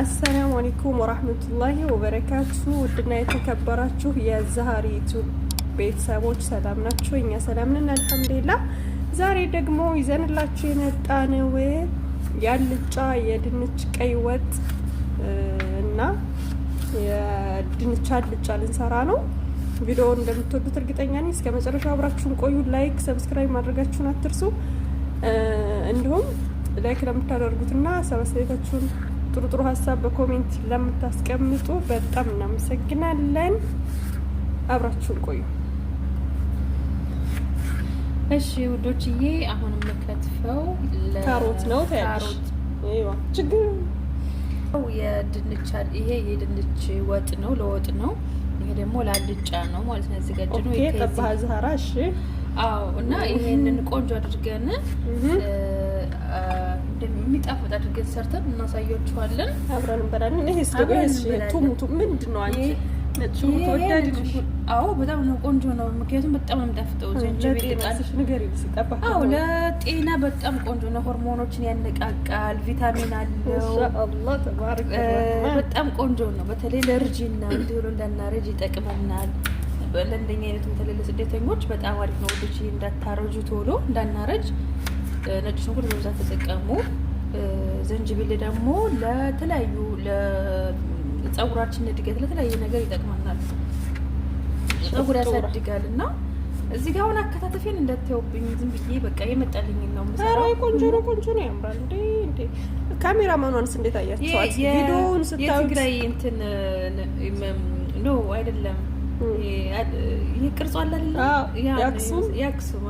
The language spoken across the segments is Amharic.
አሰላሙ አለይኩም ወራህመቱላሂ ወበረካቱ። ውድና የተከበራችሁ የዛሬ ዩቲዩብ ቤተሰቦች ሰላም ናችሁ? እኛ ሰላም ነን አልሐምዱሊላህ። ዛሬ ደግሞ ይዘንላችሁ የመጣነው የአልጫ የድንች ቀይ ወጥ እና የድንች አልጫ ልንሰራ ነው። ቪዲዮ እንደምትወዱት እርግጠኛ ነኝ። እስከ መጨረሻው አብራችሁን ቆዩ። ላይክ፣ ሰብስክራይብ ማድረጋችሁን አትርሱ። እንዲሁም ላይክ ለምታደርጉትና ሰበስቤታችሁን ጥሩ ጥሩ ሀሳብ በኮሜንት ለምታስቀምጡ በጣም እናመሰግናለን። አብራችሁን ቆዩ። እሺ ውዶችዬ፣ አሁን የምከትፈው ካሮት ነው። ካሮት ችግር የድንች ይሄ የድንች ወጥ ነው፣ ለወጥ ነው። ይሄ ደግሞ ለአልጫ ነው ማለት ነው። ያዘጋጀ ነው ጠባ ዛራ። እሺ፣ አዎ። እና ይሄንን ቆንጆ አድርገን እንደሚጣፍጣችሁ ግን ሰርተን እናሳያችኋለን። አብረን እንበላለን። ይሄ ቱሙቱ ምንድን ነው? አንቺ አዎ በጣም ነው ቆንጆ ነው። ምክንያቱም በጣም ነው የሚጣፍጠው። አዎ ለጤና በጣም ቆንጆ ነው። ሆርሞኖችን ያነቃቃል፣ ቪታሚን አለው። በጣም ቆንጆ ነው። በተለይ ለእርጅና እንዲሆኑ እንዳናረጅ ይጠቅመናል። ለእንደኛ አይነቱ በተለይ ለስደተኞች በጣም አሪፍ ነው። ወዶች እንዳታረጁ ቶሎ እንዳናረጅ ነጭ ሽንኩርት በብዛት ተጠቀሙ። ዝንጅብል ደግሞ ለተለያዩ ለጸጉራችን እድገት ለተለያየ ነገር ይጠቅመናል። ጸጉር ያሳድጋል እና እዚህ ጋር አሁን አከታተፌን እንዳታዩብኝ ዝም ብዬ በቃ የመጣልኝ ነው ምሰራይ ቆንጆ ነው ያምራል። እንዴ እንዴ ካሜራ ማኗንስ እንዴት አያችኋት? ቪዲዮውን ስታዩ የትግራይ እንትን ኖ አይደለም፣ ይህ ቅርጽ አለ ያክሱም ያክሱም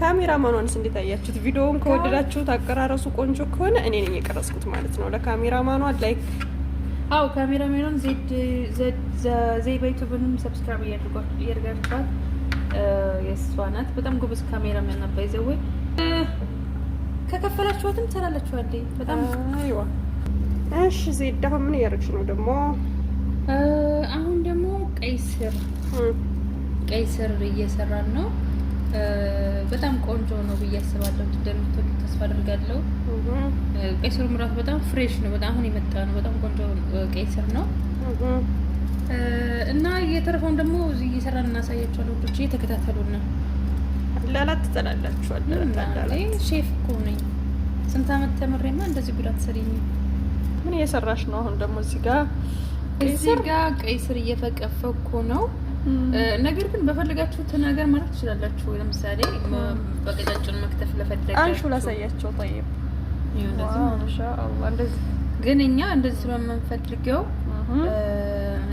ካሜራማኗንስ እንዴት አያችሁት? ቪዲዮውን ከወደዳችሁት አቀራረሱ ቆንጆ ከሆነ እኔ ነኝ የቀረጽኩት ማለት ነው። ለካሜራማኗ ላይክ አው ካሜራማኗን ዜድ በዩቱብንም ሰብስክራይብ እያደርጋችኋት የእሷ ናት። በጣም ጎበዝ ካሜራማን ነበር። ይዘወ ከከፈላችኋትም ትሰራላችኋል። በጣም አይዋ። እሺ ዜድ አሁን ምን እያደረግሽ ነው ደግሞ? አሁን ደግሞ ቀይ ስር ቀይ ስር እየሰራን ነው በጣም ቆንጆ ነው ብዬ አስባለሁ። እንደምትወዱ ተስፋ አድርጋለሁ። ቀይ ስሩ በጣም ፍሬሽ ነው። በጣም አሁን የመጣ ነው። በጣም ቆንጆ ቀይ ነው እና የተረፈውን ደግሞ እየሰራን እናሳያቸዋለን። ወዶች ና ላላት ትጠላላችኋል። ሼፍ እኮ ነኝ። ስንት አመት ተምሬማ እንደዚህ ጉዳት ሰሪኝ። ምን እየሰራሽ ነው? አሁን ደግሞ እዚህ ጋር እዚህ ጋር ቀይ ስር እየፈቀፈኩ ነው ነገር ግን በፈለጋችሁት ነገር ማለት ትችላላችሁ። ለምሳሌ በቀጫጭን መክተፍ ለፈለጋችሁ አንሹ ላሳያቸው። ጠይብ እንደዚህ ግን እኛ እንደዚህ ስለምንፈልገው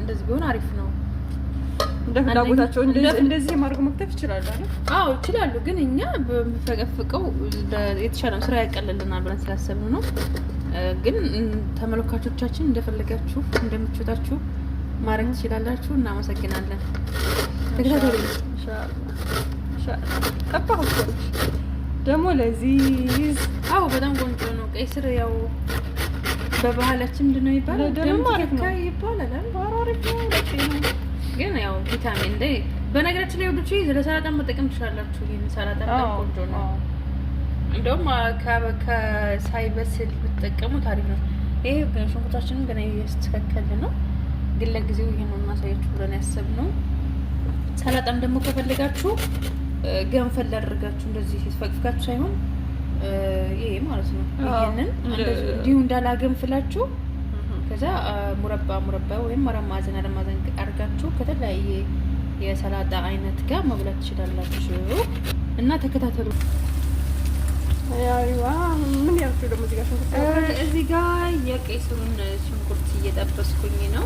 እንደዚህ ቢሆን አሪፍ ነው። እንደ ፍላጎታቸው እንደዚህ ማድረግ መክተፍ ይችላሉ። አዎ ይችላሉ። ግን እኛ በምንፈቀፍቀው የተሻለ ስራ ያቀልልናል ብለን ስላሰብን ነው። ግን ተመልካቾቻችን እንደፈለጋችሁ እንደምትችታችሁ ማድረግ ትችላላችሁ። እናመሰግናለን። ተከታተሉ። ደግሞ ለዚህ አዎ፣ በጣም ቆንጆ ነው። ቀይ ስር ያው በባህላችን ምንድን ነው ይባላል፣ ይባላል። ግን ያው ቪታሚን እንደ በነገራችን ላይ ወዶቹ ለሰላጣ መጠቀም ትችላላችሁ። ይህን ሰላጣ በጣም ቆንጆ ነው። እንደውም ከሳይበስል ብትጠቀሙት ታሪክ ነው። ይሄ ሽንኩርታችንን ገና እያስተካከልን ነው። ግን ለጊዜው ይህን ማሳያችሁ ብለን ነው። ሰላጣም ደግሞ ከፈለጋችሁ ገንፈል ላደርጋችሁ እንደዚህ ፈቅፍቃችሁ ሳይሆን ይሄ ማለት ነው። ይህንን እንዲሁ እንዳላ ገንፍላችሁ ከዛ ሙረባ ሙረባ ወይም አረማዘን አረማዘን አድርጋችሁ ከተለያየ የሰላጣ አይነት ጋር መብላት ትችላላችሁ እና ተከታተሉ። ምን ያርቹ ደግሞ ሽንኩርት እዚህ ጋር የቀይ ስሩን ሽንኩርት እየጠበስኩኝ ነው።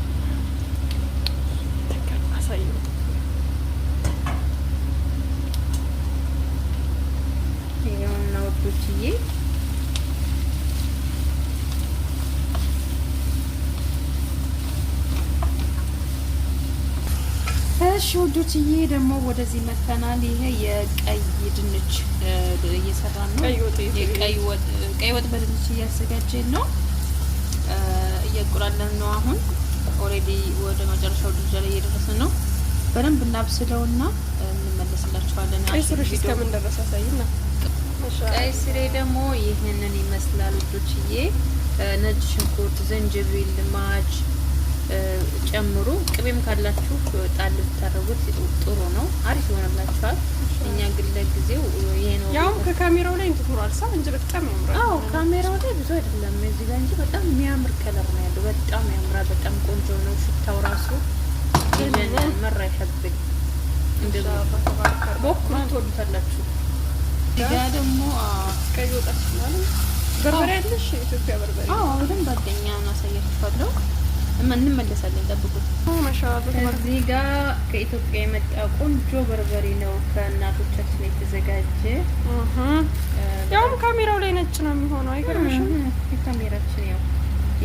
ውዶች ይሄ ደግሞ ወደዚህ መተናል። ይሄ የቀይ ድንች እየሰራ ነው። ቀይ ወጥ በድንች እያዘጋጀን ነው፣ እያቆላለን ነው። አሁን ኦልሬዲ ወደ መጨረሻው ደረጃ ላይ እየደረስን ነው። በደንብ እናብስለውና እንመለስላችኋለን። ቀይ ስርሽ እስከምን ደረሰ ያሳይና። ቀይ ስሬ ደግሞ ይህንን ይመስላል ውዶችዬ፣ ነጭ ሽንኩርት፣ ዝንጅብል፣ ማጅ ጨምሩ። ቅቤም ካላችሁ ጣል ብታደርጉት ጥሩ ነው፣ አሪፍ ይሆንላችኋል። እኛ ግን ለጊዜው ይሄ ነው። ያው ከካሜራው ላይ እንትኖራል ሰው እንጂ በጣም ያምራል። አዎ ካሜራው ላይ ብዙ አይደለም እዚህ ጋር እንጂ በጣም የሚያምር ከለር ነው ያለው። በጣም ያምራል። በጣም ቆንጆ ነው። ሽታው ራሱ ይለናል። መራ ይሸብኝ ቦኩር ትወዱታላችሁ። ጋ ደግሞ ቀይ ወጣ ይችላል። በርበሬ ያለሽ ኢትዮጵያ በርበሬ። አዎ በደንብ አገኛ እናሳያችኋለሁ እንመለሳለን። ጠብቁት። እዚህ ጋር ከኢትዮጵያ የመጣ ቆንጆ በርበሬ ነው ከእናቶቻችን የተዘጋጀ። ያውም ካሜራው ላይ ነጭ ነው የሚሆነው። አይገርምሽም? ካሜራችን ያው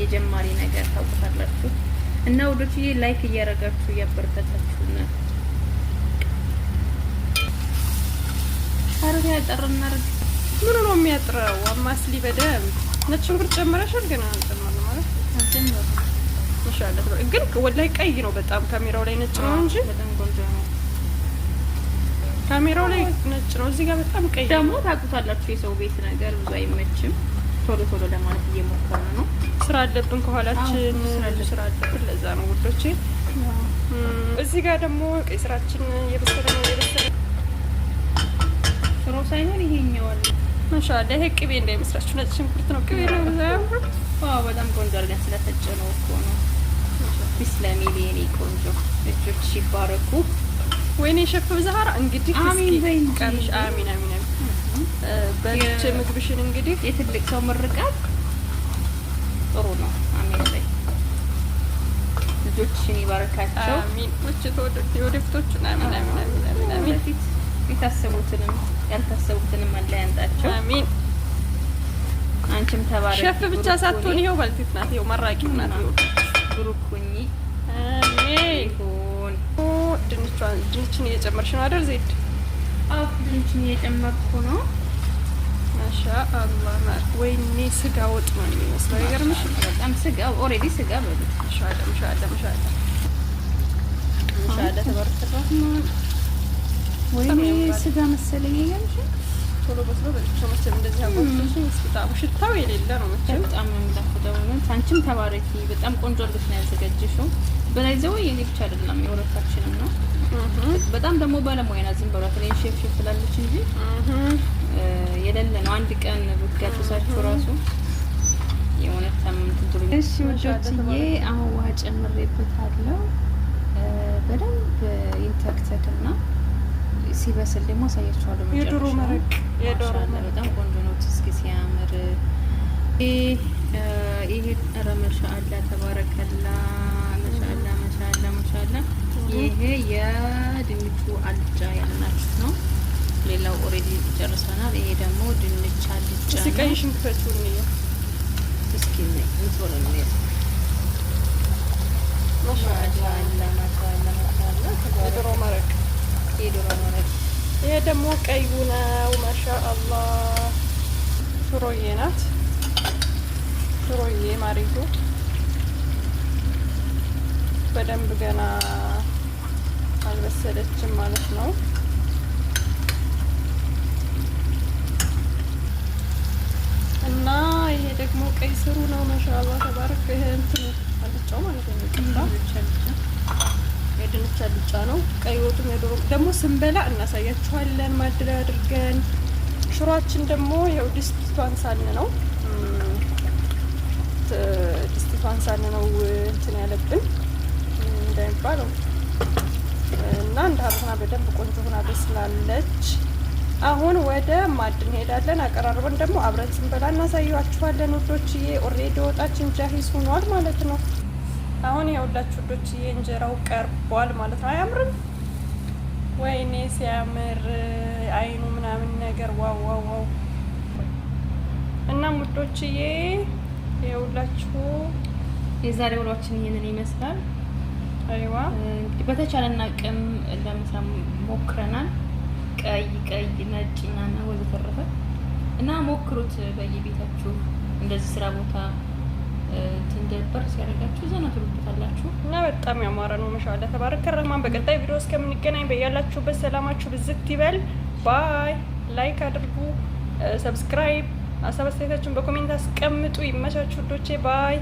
የጀማሪ ነገር ታውቁታላችሁ። እና ወዶችዬ ላይክ እያደረጋችሁ እያበረታታችሁ ነው። ካሮት ያጠርና ምኑ ነው የሚያጥረው? አማስሊ በደምብ ነጭ ሽንኩርት ጨምረሻል? ገና ማለት ግን ወላይ ቀይ ነው በጣም ካሜራው ላይ ነጭ ነው እንጂ ካሜራው ላይ ነጭ ነው። እዚህ ጋር በጣም ቀይ ደግሞ ታውቁታላችሁ። የሰው ቤት ነገር ብዙ አይመችም። ቶሎ ቶሎ ለማለት እየሞከረ ነው። ስራ አለብን ከኋላችን ስራ አለብን። ለዛ ነው ውዶቼ። እዚህ ጋር ደግሞ ቀይ ስራችን እየበሰለ ነው የበሰለ ሽሮ ሳይሆን ይሄኛው አለ ማሻአላ። ይሄ ቅቤ እንዳይመስላችሁ ነጭ ሽንኩርት ነው። ቅቤ ነው። በጣም ቆንጆ አድርገን ስለፈጨ ነው እኮ ነው ቢስለሚ የእኔ ቆንጆ እጆችሽ ይባረኩ። ወይኔ ሸፍ ብዛሃራ እንግዲህ አሚን ቀምሽ አሚን አሚን አሚን በልቼ ምግብሽን እንግዲህ የትልቅ ሰው ምርቃት ጥሩ ነው። አሚን በይ። ልጆችሽን ይባረካቸው። አሚን ወጭ ተወደድ የወደፊቶቹን አሚን አሚን አሚን አሚን ፊት የታሰቡትንም ያልታሰቡትንም አላህ ያንጣቸው። አሚን አንቺም ተባረክ። ሸፍ ብቻ ሳትሆን ይኸው ባልቴት ናት፣ ይኸው መራቂው ናት። ይኸው ብሩክ ሁኚ። ይሁን። ድንቹን እየጨመርሽ ነው አይደል ዜድ? አዎ ድንቹን እየጨመርኩ ነው። ማሻ አላህ ማለት ወይኔ፣ ስጋ ወጥ ነው የሚመስለው። ይገርምሽ፣ በጣም ስጋ ኦልሬዲ ስጋ በሉት። ሻለ ሻለ ሻለ ሻለ ተበርክቷት ወይኔ ስጋ መሰለኝ። ይገርምሽ ቶሎ በስሎ በጥብሻ መቼም እንደዚህ አቆሽሽ ሽታው የሌለ ነው። መቼም በጣም ነው የሚጣፍጠው። አንቺም ተባረኪ። በጣም ቆንጆ እርግፍ ነው ያዘጋጀሽው። በላይ ዘው የኔ ብቻ አይደለም የሁለታችንም ነው። በጣም ደግሞ ባለሙያ ናት። ዝም ብሏት ላይ ሼፍ ሼፍ ትላለች እንጂ የሌለ ነው። አንድ ቀን ብትጋብዛችሁ ራሱ የሆነ ሳምንት እሺ ውዶችዬ፣ አሁን ውሃ ጨምሬበታለሁ በደንብ ይንተክተክና ሲበስል ደግሞ አሳያችኋለሁ። የዶሮ መረቅ በጣም ቆንጆ ነው። እስኪ ሲያምር ይሄ ረመሻ አላ ተባረከላ መሻአላ መሻአላ መሻአላ። ይሄ የድንቹ አልጫ ያልናችሁ ነው። ሌላው ኦሬዲ ጨርሰናል። ይሄ ደግሞ ድንች አልጫ ነው። ቀይ ሽንኩርት ነው። እስኪ እንትወለ ነው ማሻአላ ማሻአላ ማሻአላ የዶሮ መረቅ የዶሮ ነው። ይሄ ደግሞ ቀዩ ነው። ማሻ አላህ ሽሮዬ ናት። ሽሮዬ ማሪቱ በደንብ ገና አልበሰለችም ማለት ነው። እና ይሄ ደግሞ ቀይ ስሩ ነው። ማሻ ተባረክ። ይሄ እንትን አልጫው ማለት ነው። የድንች አልጫ ነው። ቀይ ወጡም የዶሮ ደግሞ ስንበላ እናሳያችኋለን። ማድሪያ አድርገን ሽሯችን ደግሞ ያው ድስቷን ሳን ነው ድስቷን ሳን ነው እንትን ያለብን እንዳይባለው እና እንደ ሀብና በደንብ ቆንጆ ሆና በስላለች። አሁን ወደ ማድ እንሄዳለን። አቀራርበን ደግሞ አብረን ስንበላ እናሳያችኋለን። ውዶችዬ ኦሬዲ ወጣችን ጃሂዝ ሆኗል ማለት ነው። አሁን የሁላችሁ ዶች እንጀራው ቀርቧል ማለት ነው። አያምርም? ወይኔ ሲያምር አይኑ ምናምን ነገር ዋው ዋው ዋው። እና ሙዶችዬ የሁላችሁ የዛሬ ውሏችን ይህንን ይመስላል። አይዋ እንግዲህ በተቻለና አቅም ለምሳ ሞክረናል። ቀይ ቀይ ነጭ ና ወዘተረፈ እና ሞክሩት በየቤታችሁ እንደዚህ ስራ ቦታ ቲንደር በር ሲያደርጋችሁ ዘና ትሉበታላችሁ እና በጣም ያማረ ነው። መሻላ ተባረከ ረህማን። በቀጣይ ቪዲዮ እስከምንገናኝ በያላችሁበት ሰላማችሁ ብዝት ይበል። ባይ። ላይክ አድርጉ፣ ሰብስክራይብ፣ ሀሳብ አስተያየታችሁን በኮሜንት አስቀምጡ። ይመቻችሁ ዶቼ ባይ።